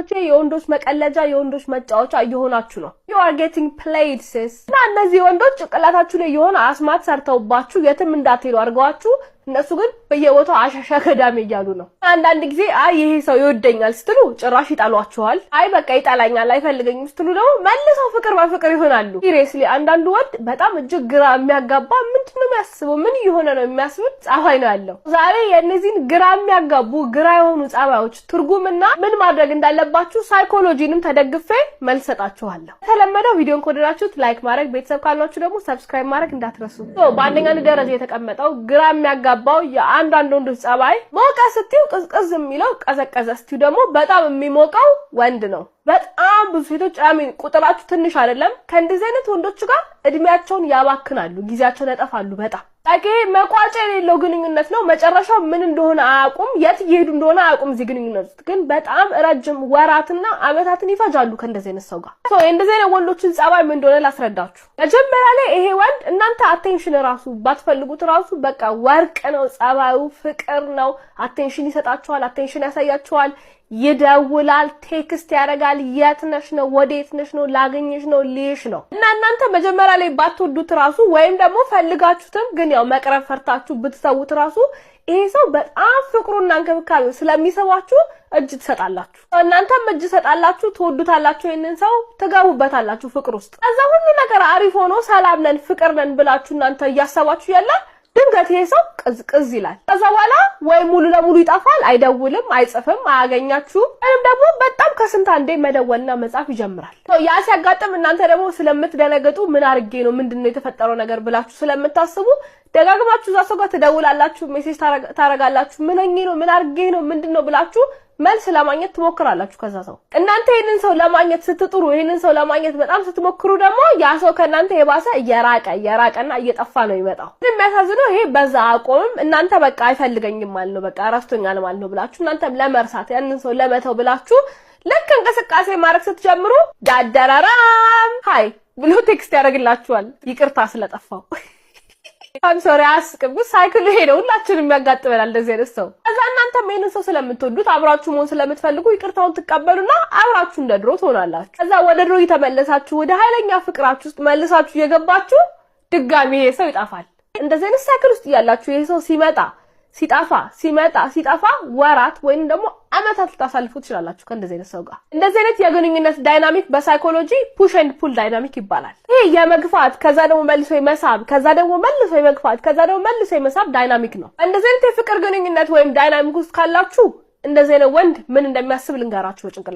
ቲክቶኮች የወንዶች መቀለጃ የወንዶች መጫወቻ እየሆናችሁ ነው። ዩ አር ጌቲንግ ፕሌይድ ሲስ እና እነዚህ ወንዶች ጭንቅላታችሁ ላይ የሆነ አስማት ሰርተውባችሁ የትም እንዳትሄዱ አድርገዋችሁ እነሱ ግን በየቦታው አሻሻ ከዳሜ እያሉ ነው። አንዳንድ ጊዜ አይ ይሄ ሰው ይወደኛል ስትሉ ጭራሽ ይጠሏችኋል። አይ በቃ ይጠላኛል አይፈልገኝም ስትሉ ደግሞ መልሰው ፍቅር በፍቅር ይሆናሉ። ሲሪየስሊ አንዳንዱ ወንድ በጣም እጅግ ግራ የሚያጋባ ምንድን ነው የሚያስበው ምን የሆነ ነው የሚያስብት ጸባይ ነው ያለው። ዛሬ የእነዚህን ግራ የሚያጋቡ ግራ የሆኑ ጸባዮች ትርጉምና ምን ማድረግ እንዳለባችሁ ሳይኮሎጂንም ተደግፌ መልስ ሰጣችኋለሁ። የተለመደው ቪዲዮን ከወደዳችሁት ላይክ ማድረግ፣ ቤተሰብ ካሏችሁ ደግሞ ሰብስክራይብ ማድረግ እንዳትረሱ። በአንደኛ ደረጃ የተቀመጠው ግራ የሚያጋ የሚገባው የአንዳንድ ወንዶች ጸባይ ሞቀ ስትዩ ቅዝቅዝ የሚለው ቀዘቀዘ ስትዩ ደግሞ በጣም የሚሞቀው ወንድ ነው። በጣም ብዙ ሴቶች አሚን ቁጥራችሁ ትንሽ አይደለም፣ ከእንደዚህ አይነት ወንዶች ጋር እድሜያቸውን ያባክናሉ፣ ጊዜያቸውን ያጠፋሉ በጣም ኦኬ መቋጫ የሌለው ግንኙነት ነው። መጨረሻው ምን እንደሆነ አያውቁም፣ የት እየሄዱ እንደሆነ አያውቁም። እዚህ ግንኙነት ግን በጣም ረጅም ወራትና አመታትን ይፈጃሉ ከእንደዚህ አይነት ሰው ጋር። እንደዚህ አይነት ወንዶችን ጸባይ ምን እንደሆነ ላስረዳችሁ። መጀመሪያ ላይ ይሄ ወንድ እናንተ አቴንሽን ራሱ ባትፈልጉት ራሱ በቃ ወርቅ ነው ጸባዩ፣ ፍቅር ነው። አቴንሽን ይሰጣችኋል፣ አቴንሽን ያሳያችኋል፣ ይደውላል፣ ቴክስት ያደርጋል። የት ነሽ ነው፣ ወዴት ነሽ ነው፣ ላገኘሽ ነው፣ ልይሽ ነው። እና እናንተ መጀመሪያ ላይ ባትወዱት ራሱ ወይም ደግሞ ፈልጋችሁትም ግን ያው መቅረብ ፈርታችሁ ብትሰውት ራሱ ይሄ ሰው በጣም ፍቅሩና እንክብካቤው ስለሚሰባችሁ እጅ ትሰጣላችሁ፣ እናንተም እጅ ትሰጣላችሁ፣ ትወዱታላችሁ፣ ይህንን ሰው ትገቡበታላችሁ ፍቅር ውስጥ። ከዛ ሁሉ ነገር አሪፍ ሆኖ ሰላም ነን ፍቅር ነን ብላችሁ እናንተ እያሰባችሁ ያላችሁ ድንገት ይሄ ሰው ቅዝቅዝ ይላል። ከዛ በኋላ ወይ ሙሉ ለሙሉ ይጠፋል፣ አይደውልም፣ አይጽፍም፣ አያገኛችሁም። ወይም ደግሞ በጣም ከስንት አንዴ መደወልና መጻፍ ይጀምራል። ያ ሲያጋጥም እናንተ ደግሞ ስለምትደነገጡ ምን አርጌ ነው ምንድን ነው የተፈጠረው ነገር ብላችሁ ስለምታስቡ ደጋግማችሁ እዛ ሰው ጋር ትደውላላችሁ፣ ሜሴጅ ታረጋላችሁ። ምን ነው ምን አርጌ ነው ምንድን ነው ብላችሁ መልስ ለማግኘት ትሞክራላችሁ ከዛ ሰው። እናንተ ይህንን ሰው ለማግኘት ስትጥሩ፣ ይህንን ሰው ለማግኘት በጣም ስትሞክሩ ደግሞ ያ ሰው ከእናንተ የባሰ እየራቀ እየራቀና እየጠፋ ነው ይመጣው። የሚያሳዝነው ይሄ በዛ አቆምም። እናንተ በቃ አይፈልገኝም ማለት ነው፣ በቃ ረስቶኛል ማለት ነው ብላችሁ እናንተም ለመርሳት ያንን ሰው ለመተው ብላችሁ ልክ እንቅስቃሴ ማድረግ ስትጀምሩ ዳደራራም ሀይ ብሎ ቴክስት ያደርግላችኋል ይቅርታ ስለጠፋው አም ሶሪ አያስቅም። ግን ሳይክሉ ሄደ ሁላችንም የሚያጋጥመናል እንደዚህ አይነት ሰው። ከዛ እናንተም ይህንን ሰው ስለምትወዱት አብራችሁ መሆን ስለምትፈልጉ ይቅርታውን ትቀበሉና አብራችሁ እንደ ድሮ ትሆናላችሁ። ከዛ ወደ ድሮ እየተመለሳችሁ ወደ ኃይለኛ ፍቅራችሁ ውስጥ መልሳችሁ እየገባችሁ ድጋሚ ይሄ ሰው ይጠፋል። እንደዚህ አይነት ሳይክል ውስጥ እያላችሁ ይሄ ሰው ሲመጣ ሲጠፋ ሲመጣ ሲጠፋ ወራት ወይም ደግሞ አመታት ልታሳልፉ ትችላላችሁ ከእንደዚህ አይነት ሰው ጋር። እንደዚህ አይነት የግንኙነት ዳይናሚክ በሳይኮሎጂ ፑሽ ኤንድ ፑል ዳይናሚክ ይባላል። ይሄ የመግፋት ከዛ ደግሞ መልሶ የመሳብ ከዛ ደግሞ መልሶ የመግፋት ከዛ ደግሞ መልሶ የመሳብ ዳይናሚክ ነው። እንደዚህ አይነት የፍቅር ግንኙነት ወይም ዳይናሚክ ውስጥ ካላችሁ እንደዚህ አይነት ወንድ ምን እንደሚያስብ ልንገራችሁ በጭንቅላ